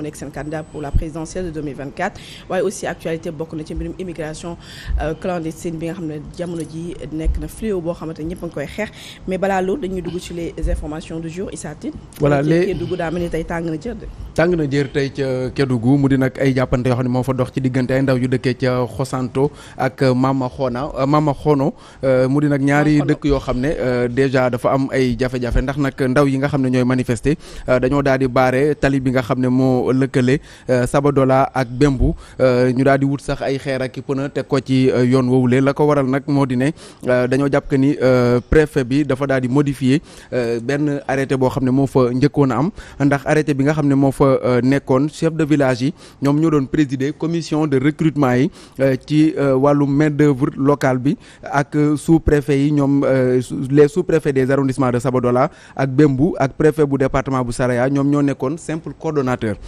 mu nekk seen candidat pour la présidentielle de 2024 waaye aussi actualité bokk na ci mbirum immigration euh, clandestine bi nga xam ne jamono ji nekk na fléau boo xamante ñëpp a ngi koy xeex mais balaa loolu dañuy dugg ci les informations du jour Issa Tine voilà euh, léegi na jër de tàng na tey ca Kédougou mu di nag ay jàppante yoo xam ne moo fa dox ci diggante ay ndaw yu dëkkee ca Xosanto ak Mama Xona Xono mu di ñaari dëkk yoo xam ne euh, déjà dafa am ay jafe-jafe ndax nag ndaw yi nga xam ne ñooy manifester lëkkale euh, Sabadola ak Bembu euh, ñu daal di wut sax ay xeer ak i pëna teg ko ci euh, yoon woowule la ko waral nag moo di ne dañoo jàpp que ni préfet bi dafa daal di modifier benn arrêté boo xam ne moo fa njëkkoon a am ndax arrêté bi nga xam ne moo fa nekkoon chef de village yi ñoom ñoo doon présider commission de recrutement yi ci wàllu main d'œuvre locale bi ak sous préfet yi ñoom les sous préfets des arrondissements de Sabadola ak Bembu ak préfet bu département bu Saraya ñoom ñoo nekkoon simple coordonnateur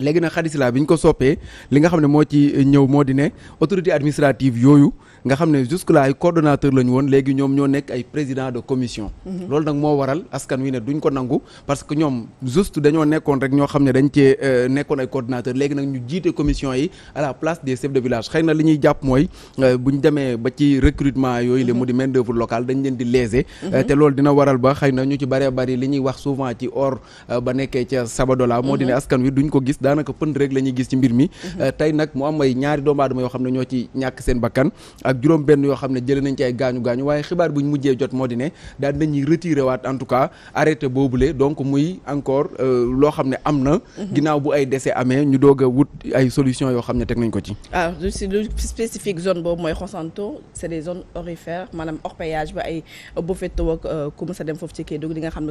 léegi nag xadis la bi ñu ko soppee li nga xam ne moo ci ñëw moo di ne autorité administrative yooyu nga xam ne jusque là ay coordonnateur lañu woon léegi ñoom ñoo nekk ay président de commission mhm. loolu nag moo waral askan wi ne duñ ko nangu parce que ñoom juste dañoo nekkoon rek ñoo xam ne dañ cee euh, nekkoon ay coordonnateur léegi nag ñu jiite commission yi à la place des chefs de village xëy na li ñuy jàpp mooy euh, bu ñu demee ba ci recrutement yooyu le mu mhm. main d'œuvre locale dañ leen di léser mhm. euh, te loolu dina waral ba xëy na ñu ci bëree bëri li ñuy wax souvent ci or ba nekkee ca Sabadola moo ne askan wi duñ ko gis daanaka pënd rek la ñuy gis ci mbir mi mhm. euh, tey nag mu am ay ñaari doomu yoo xam ne ñoo ci ñàkk seen bakkan ak juróom benn yoo xam ne jëlee nañ ci ay gaañu gaañu waaye xibaar buñ mujjee jot moo di ne daal nañuy retiré waat en tout cas arrêté boobule donc muy encore euh, loo xam ne am na mhm. ginnaaw bu ay décès amee ñu doog a wut ay solution yoo xam ne teg nañ ko ci ah lu spécifique zone boobu mooy Xosanto c'est des zones euh,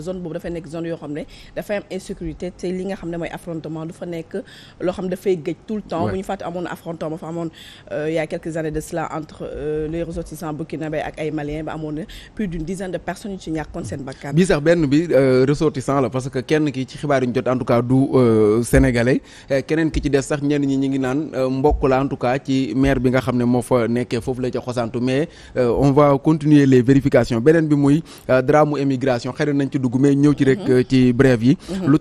zone boobu dafay nekk zone nekk loo xam dafay gëj tout le temps bu ñu amoon affrontement ba fa amoon euh, il quelques années de cela entre euh, les ressortissants burkinabé ak ay maliens ba amoon na plus d'une dizaine de personnes yu ci ñàkkoon seen bakkan bi sax benn bi euh, ressortissant la parce que kenn ki ci xibaar yi ñu du sénégalais keneen ki ci des sax ñenn ñi ñi ngi naan mbokk la en tout cas ci maire bi nga xam ne moo fa nekkee foofu la ca xosantu mais on va continuer les bi muy drame mu émigration xëy nañ ci ci rek mm-hmm. ci brève yi mm-hmm. lu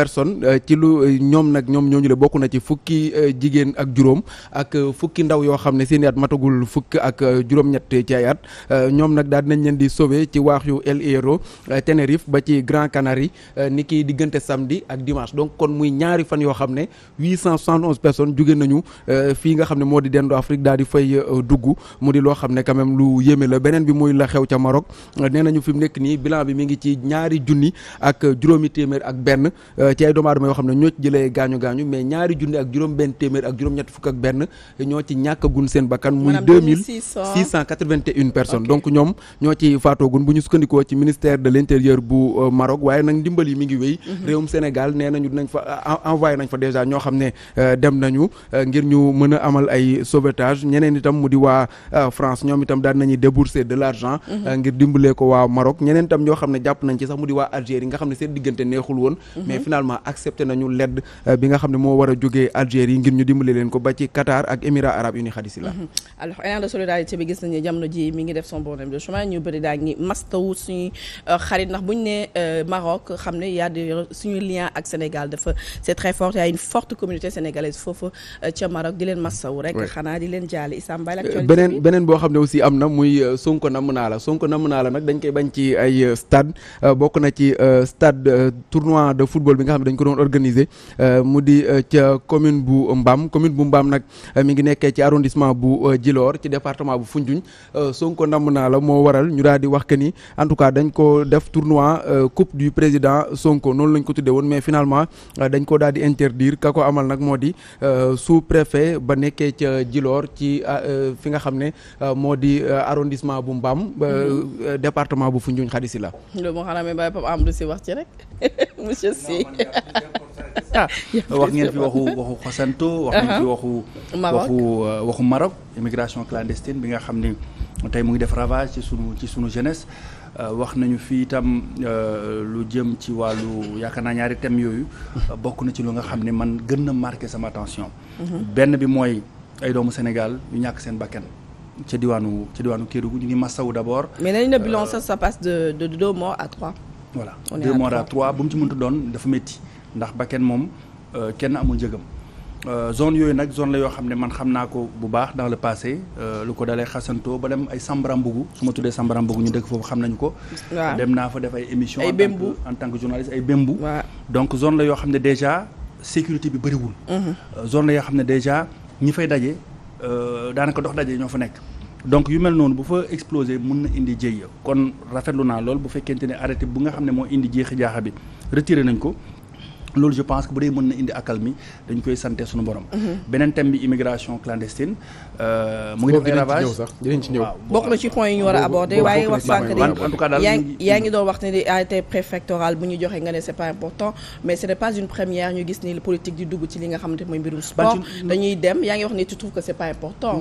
personnes euh, ci lu euh, ñoom nag ñoom ñooñu le bokk na ci fukki euh, jigéen ak juróom ak fukki ndaw yoo xam ne seen i at matagul fukk ak juróom-ñett ci at ñoom nag daal dinañ leen di sauver ci waax yu El Hierro Tenerife ba ci Grand Canary ni ki diggante samedi ak dimanche donc kon muy ñaari fan yoo xam ne 871 personnes jóge nañu fii nga xam ne moo di dendu Afrique daal di fay dugg mu di loo xam ne quand même lu yéeme la beneen bi muy la xew ca Maroc nee nañu fi mu nekk nii bilan bi mu ngi ci ñaari junni ak juróomi téeméer ak benn Euh, ci ay doomu aadama yoo xam ne ñoo ci jëlee gaañu gaañu mais ñaari junni ak juróom benn téeméer ak juróom ñett fukk ak benn ñoo ci ñàkk ñàkkagun seen bakkan muy 2681 personnes donc ñoom ñoo ci faatoogun bu ñu sukkandikoo ci ministère de l'intérieur bu euh, Maroc waaye nag ndimbal yi mi ngi wéy mm-hmm. réewum Sénégal nee ñu dinañ fa envoyé nañ fa déjà ñoo xam ne euh, dem nañu ngir ñu mën a amal ay sauvetage ñeneen itam mu di waa France ñoom itam daan nañuy débourser de l'argent mm-hmm. ngir dimbalee ko waa Maroc ñeneen ñoo xam ne jàpp nañ ci sax mu di waa Algérie nga xam ne seen diggante neexul woon mm-hmm. finalement accepté nañu ledd euh, bi nga xam ne moo war a jógee Algérie ngir ñu dimbale leen ko ba ci Qatar ak Émirats arabes unis xadisi mhm. la alors élan de solidarité bi gis nañu jamono ji mi ngi def son bonhomme de chemin ñu bëri daa ngi mastawu suñu euh, xarit ndax bu ñu nee euh, Maroc xam ne y a des suñu lien ak Sénégal dafa c'est très fort y a une forte communauté sénégalaise foofu ca Maroc di leen mastawu rek xanaa di leen jaale Issam Mbaye l'actualité beneen beneen boo xam ne aussi am na muy Sonko namm naa la Sonko namm naa la nag dañ koy bañ ci ay stade bokk na ci stade tournoi de football bi nga xam ne dañ ko doon organiser euh, mu di euh, ca commune bu mbaam commune bu Mbam nag euh, mi ngi nekkee ci arrondissement bu Djilor ci département bu Foundiougne Sonko namm naa la moo waral ñu daal di wax que ni en tout cas dañ ko def tournoi coupe du président Sonko noonu lañ ko tuddee woon mais finalement dañ ko daal di interdire ka ko amal nag moo di sous préfet ba nekkee ca jiloor ci fi nga xam ne moo di arrondissement bu Mbam mm-hmm. département bu Foundiougne xadisi ah wax ngeen fi waxu waxu xosanto wax ngeen fi uh-huh. waxu waxu euh, waxu Maroc immigration clandestine bi nga xam ni tey mu ngi def ravage ci sunu ci sunu jeunesse euh, wax nañu fi itam euh, lu jëm ci wàllu yaakaar naa ñaari thèmes yooyu uh-huh. bokk na ci lu nga xam ne man gën na marqué sama attention uh-huh. benn bi mooy ay doomu Sénégal yu ñàkk seen bakkan ca diwaanu ca diwaanu Kédougou ñu ngi massawu d'abord mais nañu ne bilan ça passe de de deux morts à trois voilà deux morts à trois bu mu ci mënta doon dafa métti ndax ba kenn moom euh, kenn amul njëgam euh, zone yooyu nag zone la yoo xam ne man xam naa ko bu baax dans le passé euh, lu ko dalee xasantoo ba dem ay Sambarambougou su ma tuddee Sambarambougou ñu dëkk foofu xam nañu ko. dem naa fa def ay émission ay bémbu en tant que journaliste ay bémbu. donc zone la yoo xam ne déjà sécurité bi bëriwul. Mm-hmm. zone la yoo xam ne déjà ñi fay daje daanaka dox daje ñoo fa nekk. donc yu mel noonu bu fa explosé mun na indi jëy kon rafetlu naa lool bu fekkente ne arrêté bu nga xam ne moo indi jeexi jaaxa bi retiré nañ ko loolu je pense que bu dee mën na indi accalmie dañ koy sante suñu borom. Mhm. beneen thème bi immigration clandestine. Euh, bokk na ci point yi ñu war a aborder waaye wax sànq de yaa ngi doon wax ne de arrêté préfectoral bu ñu joxe nga ne c'est pas important mais ce n'est pas une première ñu gis ni politique di dugg ci li nga xamante mooy mbirum sport dañuy dem yaa ngi wax ne tu trouves que c'est pas important.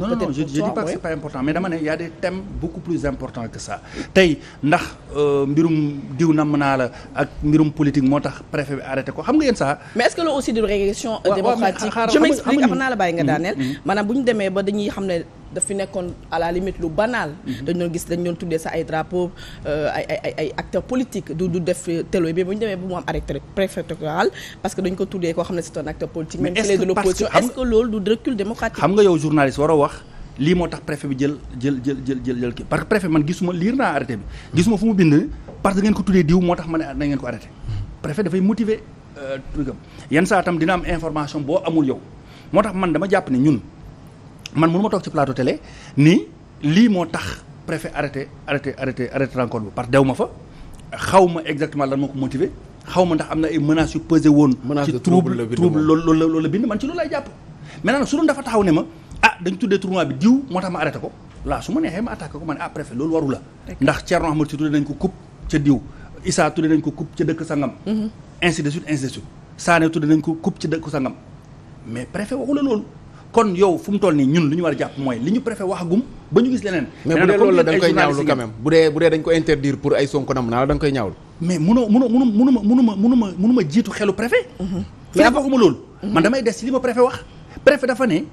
mais dama ne y a des beaucoup plus importants nga yenn saa. mais est-ce que loolu aussi de régression euh, démocratique je m'explique xam naa la bàyyi nga mm-hmm. daaneel. Mm-hmm. maanaam bu ñu demee ba dañuy xam ne daf fi nekkoon à la limite lu banal. Mm-hmm. dañu doon gis dañu doon tuddee sax ay drapeaux euh, ay ay ay acteurs politiques du du def télé bi bu ñu demee ba mu am arrêté préfectoral parce que dañu ko tuddee koo xam ne c'est un acteur politique. même s'il est de l'opposition est-ce que loolu du recul démocratique. xam nga yow journaliste waroo wax. lii moo tax préfet bi jël jël jël jël jël jël kii parce que préfet man gisuma liir naa arrêté bi gisuma fu mu bind parce que ngeen ko tuddee diw moo tax ma ne na ngeen ko arrêté hmm. préfet dafay motiver trugam yenn saa tam dina am information boo amul yow moo tax man dama jàpp ne ñun man mënu ma toog ci plateau télé nii lii moo tax préfet arrêté arrêté arrêté arrêté rencontre bi parce ma fa xaw ma exactement lan moo ko xaw ma ndax am na ay menaces yu pesé woon ci trouble trouble loolu loolu la bind man ci loolu lay jàpp maintenant nag su doon dafa taxaw ne ma ah dañ tuddee tournoi bi diw moo tax ma arrêté ko laa su ma neexee ma attaqué ko ma ne ah préfet loolu waru la ndax Thierno Ahmed si tuddee nañ ko coupe ca diw Issa tuddee nañ ko coupe ca dëkk sangam mhm. ainsi de suite ainsi de suite saane tudd nañ ko coupe ci dëkku sangam mais préfet waxu loolu kon yow fu toll nii ñun lu ñu war a jàpp mooy li ñu préfet waxagum ba ñu gis leneen. mais bu dee loolu la da nga koy ñaawlu quand même bu dee bu dee dañ ko interdire pour ay sonko nam naa la da koy ñaawlu. mais munoo munuma munuma munuma munuma jiitu xelu préfet. yaa mhm. waxuma loolu. Mhm. man damay des ci li ma préfet wax. préfet dafa ne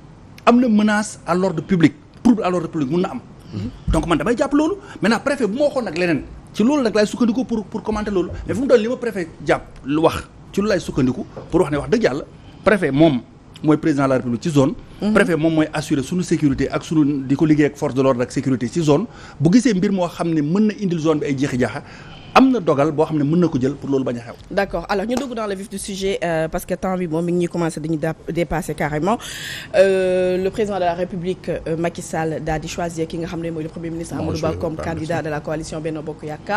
am na menace à l'ordre public trouble à l'ordre public mun na am. Mhm. donc man ma waxoon nag leneen ci loolu nag laay sukkandiku pour pour commenter loolu mais fu mu doon li ma préfet jàpp lu wax ci lu laay sukkandiku pour wax ne wax dëgg yàlla préfet moom mooy président la république ci zone. Mhm. préfet moom mooy assurer suñu sécurité ak suñu di ko liggéey ak force de l'ordre ak sécurité ci zone bu gisee mbir moo xam ne mën na indil zone bi ay jeexi jaaxa am na dogal boo xam ne mën na ko jël pour loolu bañ a xew. d' accord alors ñu dugg dans le vif du sujet euh, parce que temps bi moom mi ngi ñuy commencé dañuy dépasser carrément euh, le président de la république euh, Macky Sall choisir ki nga xam ne mooy le premier ministre Amadou Ba comme candidat de la coalition Benno Bokk Yaakaar.